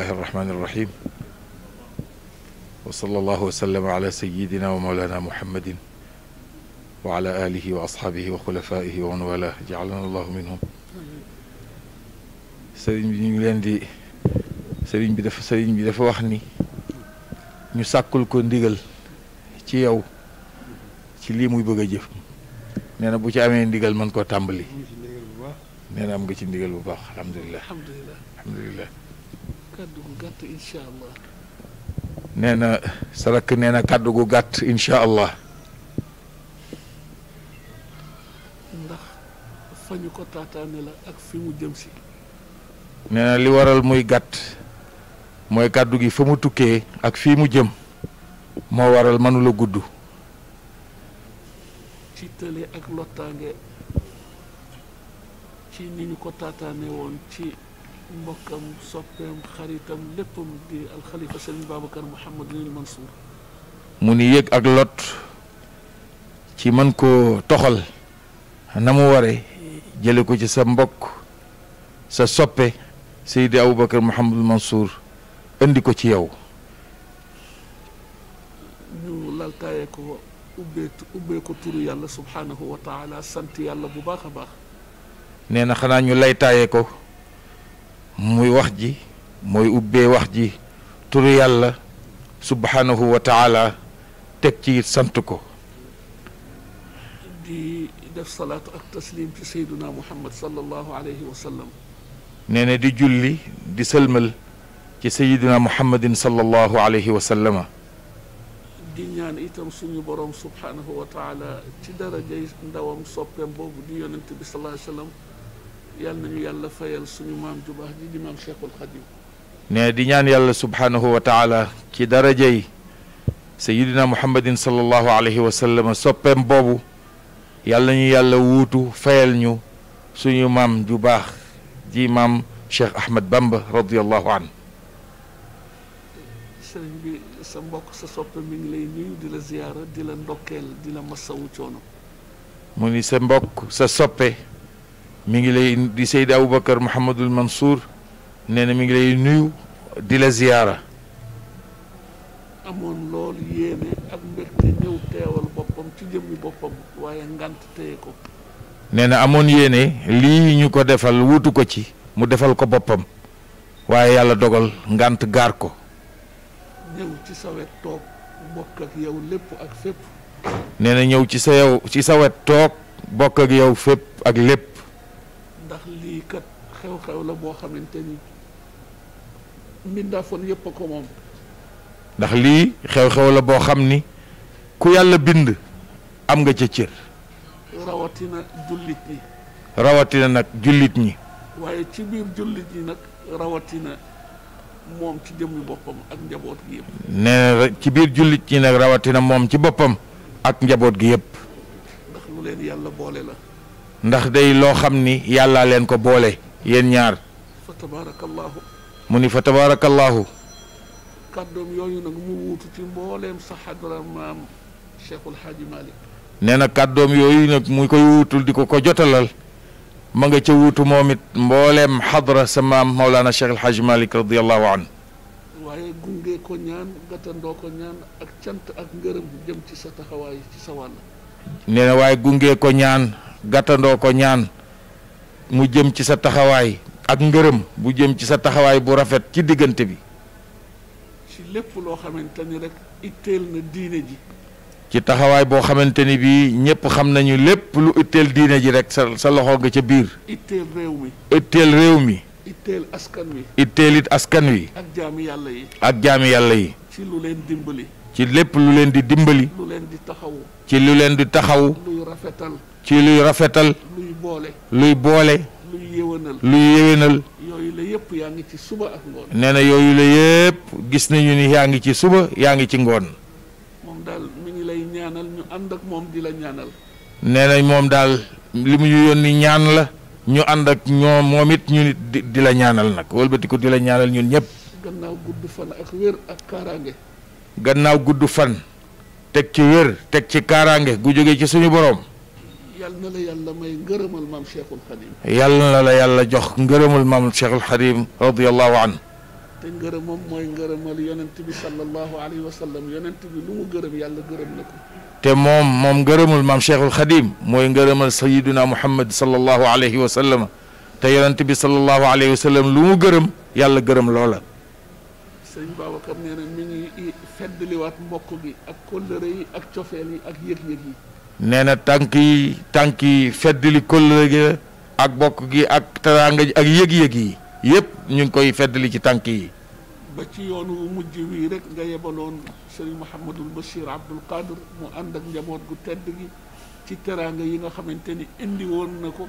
الله الرحمن الرحيم وصلى الله وسلم على سيدنا ومولانا محمد وعلى آله وأصحابه وخلفائه ومن والاه جعلنا الله منهم سيرين بي نيو لين دي سيرين بي دا سيرين بي دا واخني ني ساكول كو نديغال تي ياو تي لي موي بوجا جيف نينا بو تي امي نديغال مان كو تامبلي نينا امغا تي نديغال بو باخ الحمد لله الحمد لله الحمد لله kàddu gu gàtt nee na sa rakk na kàddu gu gàtt incha ndax fa ñu ko taataane la ak fi mu jëm si. nee li waral muy gàtt mooy kàddu gi fa mu tukkee ak fii mu jëm moo waral mënula gudd. ci tële ak lottaange ci ni ñu ko taataane woon ci. mbokkam soppeem xaritam léppam mu ni yëg ak lot ci man ko toxal na mu waree jële ko ci sa mbokk sa soppe Seydi Aboubacar Mouhamadul Mansour indi ko ci yow ñu laltaaye ko ubbee ko turu yàlla subhaanahu wa sant yàlla bu baax a baax nee na xanaa ñu laytaaye ko muy wax ji mooy ubbee wax ji turu yàlla subhanahu wa taala teg ci it sant ko di def salaatu ak taslim ci sayduna muhammad sallallahu alayhi wa sallam nee na di julli di sëlmal ci sayiduna muhammadin sallallahu alayhi wa sallama di ñaan itam suñu borom subhanahu wa taala ci darajay ndawam soppeem boobu di yonent bi sallallahu alayhi wa sallam يال نيو يالا فايال سونو مام جوبا دي دي شيخ الخديو ني دي نيان سبحانه وتعالى كي درجهي سيدنا محمد صلى الله عليه وسلم سوبم بوبو يا نيو يالا ووتو فايال نيو سونو مام جوبا دي مام شيخ احمد بامبا رضي الله عنه سيرن بي سا مبوك سا سوب مي ngi lay nuyu di la ziyara di la ndokel di la massawu choono muni sa mbokk sa soppe mi ngi lay di Seydi Aboubacar Mouhamadul Mansour nee na mi ngi lay nuyu di la ziyaara. amoon loolu yéene ak mbégte ñëw teewal boppam ci jëmmi boppam waaye ngant téye ko. nee na amoon yéene lii ñu ko defal wutu ko ci mu defal ko boppam waaye yàlla dogal ngant gaar ko. ñëw ci sa wet toog bokk ak yow lépp ak fépp. nee na ñëw ci sa yow ci sa wet toog bokk ak yow fépp ak lépp. ndax lii kat xew-xew la boo xamante ni mbindaafoon yëpp a ko moom. ndax lii xew-xew la boo xam ni ku yàlla bind am nga ca cër. rawatina jullit ñi. rawatina nag jullit ñi. waaye ci biir jullit ñi nag rawatina moom ci jëmmi boppam ak njaboot gi yëpp. ci biir jullit ñi nag rawatina moom ci boppam. ak njaboot gi yëpp. ndax lu leen yàlla boole la. ndax day loo xam ni yàllaa leen ko boole yéen ñaar fa tabaarakallaahu mu ni fa tabaarakallaahu kàddoom yooyu nag mu wuutu ci mbooleem sa xadra maam Cheikhul Xaaji Malik nee na kàddoom yooyu nag mu koy wuutul di ko ko jotalal ma nga ca wuutu moom it mbooleem xadra sa maam Mawlana Cheikh El Hadj Malick radiallahu an waaye waaye gunge ko ñaan gàttandoo ko ñaan mu jëm ci sa taxawaay ak ngërëm bu jëm ci sa taxawaay bu rafet ci diggante bi ci lépp loo xamante ni rek na diine ji ci taxawaay boo xamante ni bii ñëpp xam nañu lépp lu itteel diine ji rek sa sa loxo nga ca biir. itteel réew mi. itteel réew mi. itteel askan wi. itteel askan wi. ak jaami yàlla yi. ak jaami yàlla yi. ci lu leen dimbali. ci lépp lu leen di dimbali. lu leen di taxawu. ci lu leen di taxawu. luy rafetal. ci luy rafetal luy boole luy boole luy yewenal luy yewenal yoy la yep yaa ngi ci suba ak ngoon neena yoy la yep gis nañu ni yaa ngi ci suba yaa ngi ci ngoon mom dal mi ngi lay ñaanal ñu and ak mom di la ñaanal neena mom dal limu ñu yoni ñaan la ñu and ak ñom momit ñu nit di la ñaanal nag wëlbatiku di la ñaanal ñun ñep gannaaw guddu fan ak wër ak karange gannaaw guddu fan tek ci wër tek ci karange gu joge ci suñu borom يالنا لا يالا جوخ غيرم المام شيخ الحريم رضي الله عنه تين غيرم موم موي غيرم لي صلى الله عليه وسلم يننتبي لو غيرم يالا غيرم نكو تي موم موم المام شيخ الخديم موي غيرم سيدنا محمد صلى الله عليه وسلم تي يننتبي صلى الله عليه وسلم لو غيرم يالا غيرم لولا سيدنا بابا كم نينا ميغي فدلي وات موكو بي اك كولري اك تيوفيل nee tanki tanki yi tànk yi ak bokk gi ak taranga ak yeg yeg yi yep ñu koy feddali ci tanki ba ci yoonu mujj wi rek nga yebaloon serigne Mouhamadul Bachir Abdoul Qadir mu ànd ak njaboot gu tedd gi ci teraanga yi nga xamante ni indi woon na ko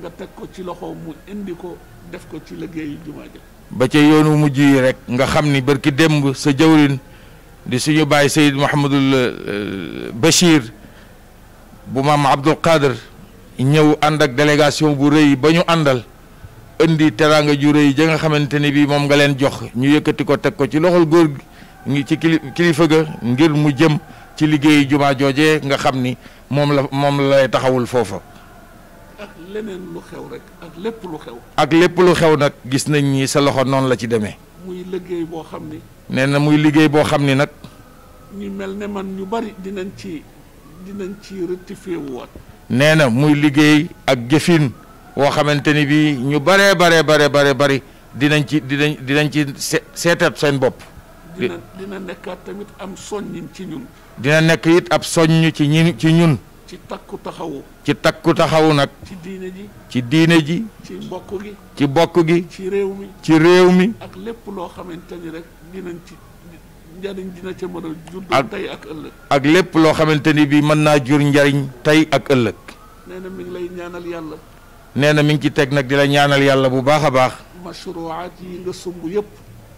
nga teg ko ci loxo mu indi ko def ko ci liggéeyu juma ja ba ca yoonu mujj wi rek nga xam barki démb sa jawrin di suñu bàyyi Seyd Mouhamadul euh, Bachir bu mam abdul qadir ñew and ak délégation bu reuy bañu andal indi teranga ju reuy ja nga xamanteni bi mom nga len jox ñu yëkëti ko tek ko ci loxol goor gi ci kilifa ga ngir mu jëm ci liggéey juma jojé nga xam ni la lay taxawul fofu ak leneen lu xew rek ak lepp lu xew ak lépp lu xew gis nañ ni sa loxo noonu la ci démé muy liggéey bo xamni ni muy liggéey bo xamni nak ñu mel man ñu bari dinañ ci dinañ ci rectifié na muy liggéey ak jëfin woo xamante ni bii ñu baree baree baree baree bari dinañ ci dinañ dinañ ci seetat seen bopp. dina dina tamit am soññ ci ñun. dina nekk it ab soññ ci ñi ci ñun. ci takku taxawu. ci takku taxawu nag. ci diine ji. ci bokk gi. ci réew mi. ci réew mi. ak lépp loo xamante ni rek dinañ ci. njariñ dina ca mën a jur tey ak ëllëg ak lépp loo xamante ni bii mën naa jur njariñ tey ak ëllëg nee na mi ngi lay ñaanal yàlla nee na mi ngi ci teg nag di la ñaanal yàlla bu baax a baax mashruwaat yi nga sumb yëpp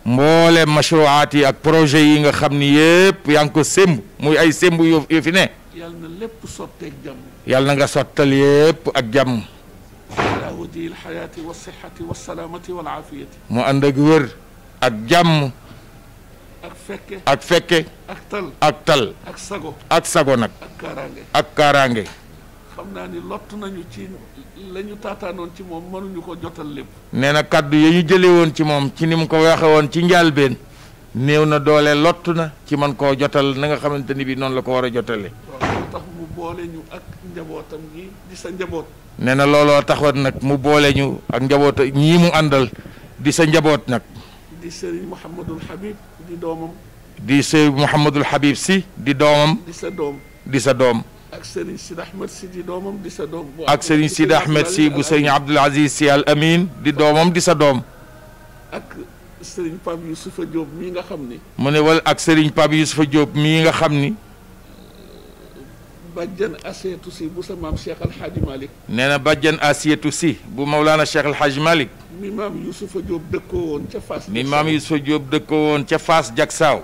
mboole mashruwaat yi ak projet yi nga xam ni yëpp yaa ngi ko sémb muy ay sémb yoo yoo fi ne yàlla na lépp sotteeg jàmm yàlla na nga sottal yëpp ak jàmm mu ànd ak wér ak jàmm ak fekke ak tal ak tal ak sago ak sago nak ak karange ak karange xamna ni lott nañu ci lañu ñu taataanoon ci mom manu ñuko jotal lepp neena kaddu yeñu ya won ci mom ci nim ko waxe won ci njaalbeen néew na doole lott na ci man ko jotal na nga xamanteni bi non la ko wara jotale tax mu boole ñu ak njabotam gi di sa njabot neena lolo taxone nak mu boole ñu ak njabot ñi mu andal di sa njabot nak دي سيري محمد الحبيب دي دومم دي سيري محمد الحبيب سي دي دومم دي سا دوم دي سا دوم اك سيري سيد احمد سي دي دومم دي سا دوم اك سيري سيد احمد سي بو سيري عبد العزيز سي الامين دي دومم دي سا دوم اك سيري باب يوسف جوب ميغا خامني موني وال اك سيري باب يوسف جوب ميغا خامني bàjjan Asiyatu si bu sa maam Cheikh Alhaji Malick. nee na bàjjan Asiyatu si bu Maulana Cheikh Alhaji Malick. mi maam Youssoupha Diop dëkkoo woon ca Fass. mi maam Youssoupha Diop dëkkoo woon ca Fass Jaksaaw.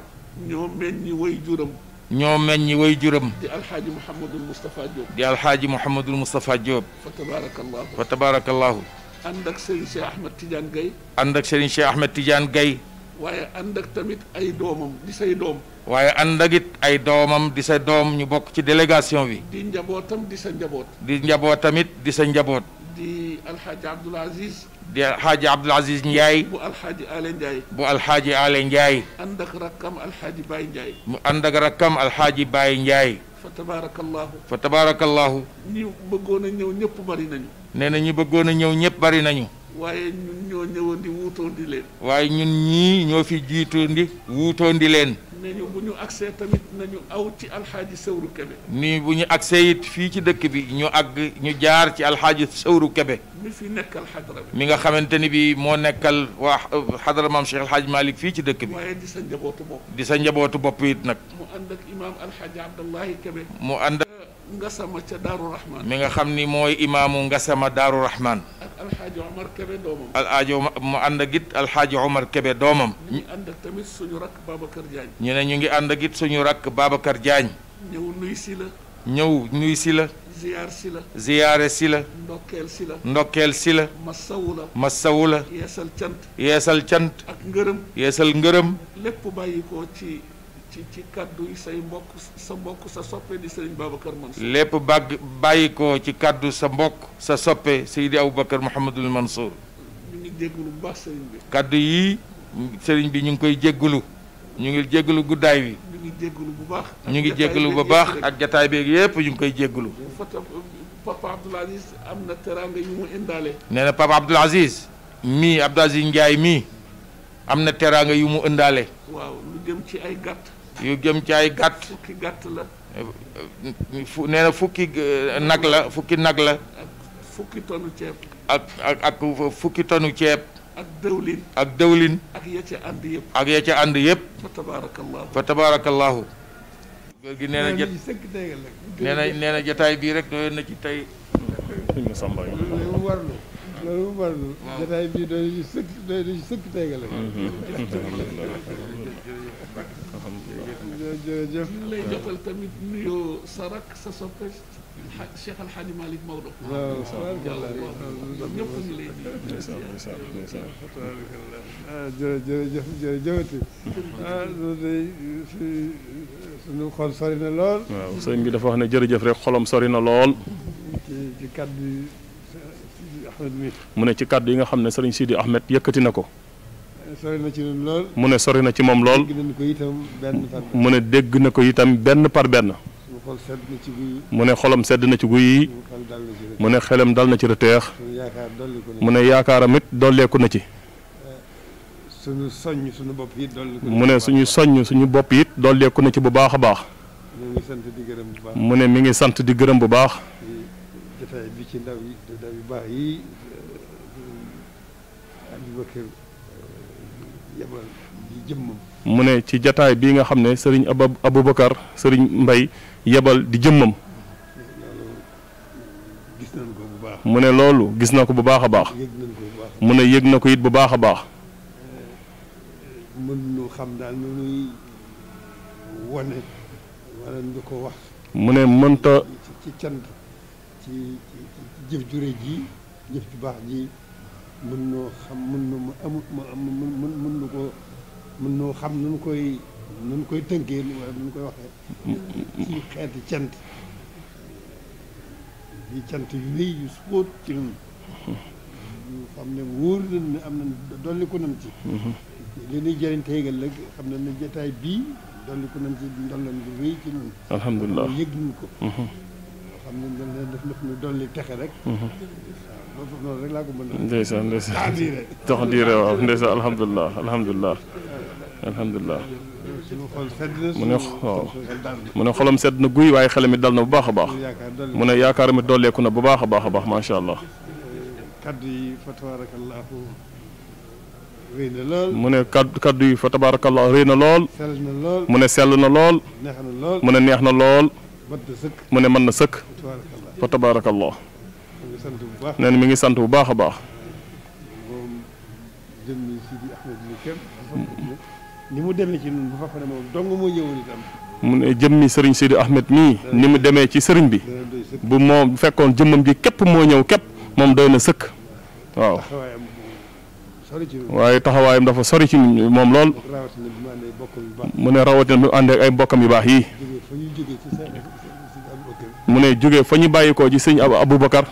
ñoo meññi way juram. ñoo meññi way juram. di alxaaji Mouhamadul Moustapha Diop. di alxaaji Mouhamadul Moustapha Diop. fa tabaarakallahu. fa tabaarakallahu. ànd ak Serigne Cheikh Ahmed Tidiane Gueye. ànd ak Serigne Cheikh Ahmed Tidiane Gueye. waaye ànd ak tamit ay doomam di say doom. waaye ànd ay doomam di sa doom ñu bokk ci délégation bi. di njabootam di sa njaboot. di njaboot tamit di sa njaboot. di alxaaji Abdoul Aziz. di alxaaji Abdoul Aziz Ndiaye. bu alxaaji Ale Ndiaye. bu alxaaji Ale Ndiaye. ànd ak rakkam alxaaji Baye mu ànd ak rakkam alxaaji Baye Ndiaye. fa tabaarakallaahu. fa tabaarakallaahu. ñi bëggoon a ñëpp bari nañu. nee na ñi bëggoon a ñëw ñëpp bari nañu. waaye ñun ñoo ñëwoon di wuutondi leen. waaye ñun ñii ñoo fi jiitondi wuutondi leen. ne ñu bu ñu agsee tamit nañu aw ci alxaaji sawru kebe. nii bu ñu agsee it fii ci dëkk bi ñu àgg ñu jaar ci alxaaji sawru kebe. mi fi nekkal xadra bi. mi nga xamante ni bii moo nekkal waa xadra maam Cheikh Alxaaji Malick fii ci dëkk bi. waaye di sa njabootu bopp. di sa njabootu bopp it nag. mu ànd ak imaam alxaaji Abdallahi Kebe. mu ànd. Ngasama ca Daaru mi nga xam ni mooy imaamu Ngasama Daaru Rahman. ak Alxaaji mu ànd ak it Alxaaji Omar Kebe doomam. ñu ne ñu ngi ànd ak it suñu rakk Babacar Diagne. ñëw nuy si la. ñëw nuy si la. ziyaar si ziyaare si la. ndokkeel si la. ndokkeel si la. masawu la. masawu la. yeesal cant. yeesal cant. ak ngërëm. yeesal ngërëm. lépp bàyyi ko ci. ci ci kaddu yi sa mbokk sa soppe lépp bàgg bàyyi ko ci kaddu sa mbokk sa soppe Seydi Aboubacar Mouhamadul Mansour. ñu ngi jégalu bu baax Serigne bi. kaddu yi Serigne bi ñu ngi koy jégalu ñu ngi jégalu guddaay wi. ñu ngi jégalu bu baax. ñu ngi jégalu bu baax ak jataay beeg yëpp ñu ngi koy jégalu. papa Abdoul Aziz am na teraanga yu mu indaale. nee papa Abdoul Aziz mii Abdoul Aziz Ndiaye mii am na teraanga yu mu indaale. ci ay gàtt. yu jëm ci ay gàtt. fukki gàtt la. fukki eh, nag la fukki nag tonu ceeb. ak ak ak fukki tonu ceeb. ak dëwlin. ak dëwlin. ca ànd yëpp. ak ya ca ànd yëpp. fa tabaarakallahu fa tabaarakallahu. bii rek doyoon na ci tey. loolu warlu jotaay bii doy na ci sëkk doy na ci جوجو اللي جبل تمد نيو سرق سسوبش الشيخ الحاني مالك مولوك لا سبحانك الله يبقى اللي سبحانك الله جوجو جوجو جوتي في سنو خل سارينا لول سنو خل سارينا لول سنو خل سارينا لول ci cadre bi Ahmed mi mune ci cadre yi nga xamne serigne Sidi Ahmed yëkëti nako sori na mu ne sori na ci moom lool. mu ne dégg na ko itam benn par benn. mu ne xolam sedd na ci guy yi. mu ne xelam dal na ci rëteex. mu ne yaakaaram it dolleeku na ci. suñu suñu bopp yi mu ne suñu soññ suñu bopp yi dolleeku na ci bu baax a baax. mu ne mi ngi sant di gërëm bu baax. bi ci ndaw yu baax yi eh, mu ne ci jataay bii nga xam ne sëriñ Aba Aboubacar sëriñ Mbay yebal di jëmmam. mu ne loolu gis na ko bu baax a baax. mu ne yëg na ko it bu baax a baax. Eh, mu ne mënta. ci cant ci jëf ju rëy ji jëf ju mën noo xam mën na mu amul mu mën nu ko mën noo xam nu koy nu koy tënkee wala nu koy waxee ci xeeti cant di cant yu rëy yu sóot ci ñun ñu xam ne wóor nañ ne am na dolli ko nañ ci li ñuy jëriñ teegal la xam ne ne jotaay bii dolli ko nañ ci ndollan lu rëy ci ñun alhamdulilah yëg ko xam ne dañ leen def lépp lu dolli texe rek. waaw foofu noonu rek laa ko mën a. ndeysaan ndeysaan tax diire tax diire waaw ndeysaan alhamdulilah alhamdulilah alhamdulilah. mu ne waaw mu ne xolam sedd na guy waaye xel mi dal na bu baax a baax. mu ne yaakaar mi dolleeku na bu baax a baax a baax macha allah. kaddu yi fa tabaarakallaahu rëy na lool mu ne kaddu kaddu yi fa tabaarakallaahu rëy na lool. sell na lool mu ne sell na lool. neex na lool mu ne neex na lool. mu ne mën na sëkk fa tabarakallah nee na mi ngi sant bu baax a baax ni mu demee ci bu fekkoon ne dong moo ñëwoon itam. mu ne jëmmi sëriñ Sidi Ahmed mii ni mu demee ci sëriñ bi bu moom fekkoon jëmmam gi képp moo ñëw képp moom doy na sëkk waaw waaye taxawaayam dafa sori ci moom lool mu ne rawatina bi mu àndee ay mbokkam yu baax yii mu ne jóge fa ñu bàyyi ko ci sëñ Aboubacar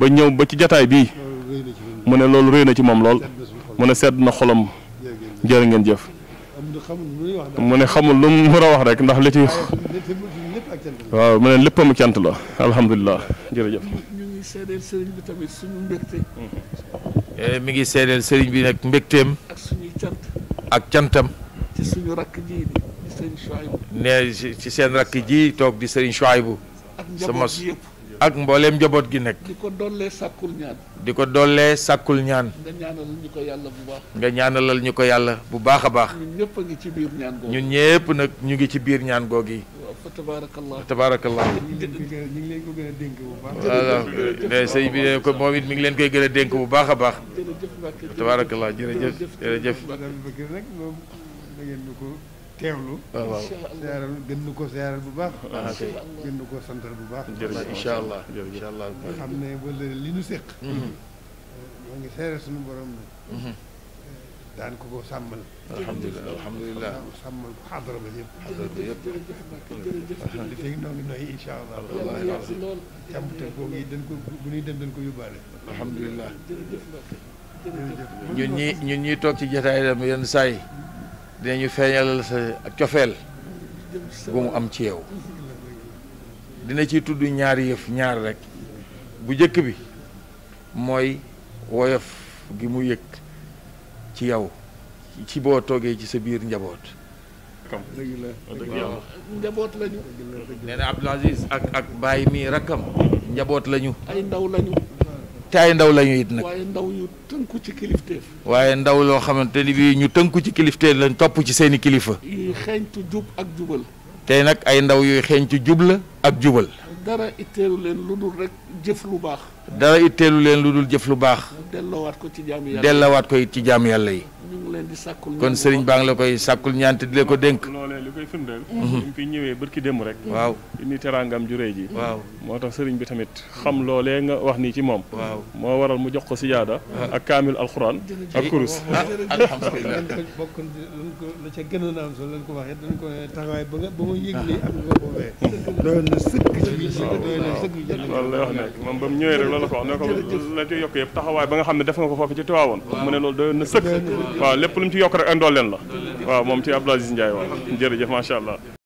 ba ñëw ba ci jataay bii mu ne loolu réy na ci moom lool mu ne sedd na xolam jërë ngeen jëf mu ne xamul lu mu a wax rek ndax li ci waaw mu ne léppam cant la alhamdulilah jërëjëf. Eh, mi ngi seedeel sëriñ bi tamit suñu mbégte. ne ci seen rakk ji toog di Serigne Chouaïbou sama ak mbooleem njaboot gi nekk. di ko dollee sàkkul ñaan. di ko dollee sàkkul ñaan. nga ñaanalal ñu ko yàlla bu baax. nga ñaanalal ñu ko yàlla bu baax a baax. ñun ci biir ñaan googu. ñun nag ñu ngi ci biir ñaan googu yi. waaw fa ñu ngi leen ko gën a dénk bu baax. bi ko moom it mi ngi leen koy gën a dénk bu baax a baax. jërëjëf tabaarakallah teewlu. waaw ah, waaw seeral gën na ko seeral bu baax. ah kay gën na ko santal bu baax. jërëjëf incha allah jërëjëf incha allah. nga xam ne wala li nu séq. Mm-hmm. moo ngi seeral suñu borom ne. Mm-hmm. daan ko ko sàmmal. alhamdulilah alhamdulilah sàmmal ko xadara ba yëpp. xadara ba yëpp li fi noo ngi noyyi incha allah. càmbute googu yi dañ ko bu ñuy dem dañ ko yóbbaale. alhamdulilah. ñun ñi ñun ñi toog ci jotaay dem yenn saa yi dinañu feeñalal sa cofeel gu mu am ci yow dina ci tudd ñaari yëf ñaar rek bu jëkk bi mooy woyof gi mu yëg ci yow ci boo toogee ci sa biir njaboot njaboot lañu nee na Aziz ak ak Baye mii rakkam njaboot lañu ay ndaw lañu te ay ndaw lañu it nag. waaye ndaw yu tënku ci kilifteef. waaye ndaw loo xamante ni bii ñu tënku ci kilifteef lañ topp ci seeni kilifa. yuy xeeñtu jub ak jubal. tey nag ay ndaw yuy xeeñtu jub la ak jubal. dara itelu len ludul dul rek jëf lu baax. dara itteelu leen lu jëf lu baax. delloowaat ko ci jaamu ko ci jaamu yi. ñu ngi di kon sëriñ baa la koy di ko denk. loolee li koy firndeel. Mhm. bi fi ñëwee barki démb rek. waaw indi teraangam ju rëy ji. waaw moo tax bi tamit xam nga wax ci waral mu jox ko ak ak kurus ah, la ca a am lañ ko dañ ko ba nga ba loolu lay wax nekk moom ba mu ñëwee rek loolu la ko wax ne ko la ci yokk yëpp taxawaay ba nga xam ne def nga ko foofu ci Tiwaawoon mu ne loolu doyoon na sëkk waaw lépp lu mu ci yokk rek andool leen la waaw moom ci Abdou Aziz Ndiaye waaw jërëjëf macha allah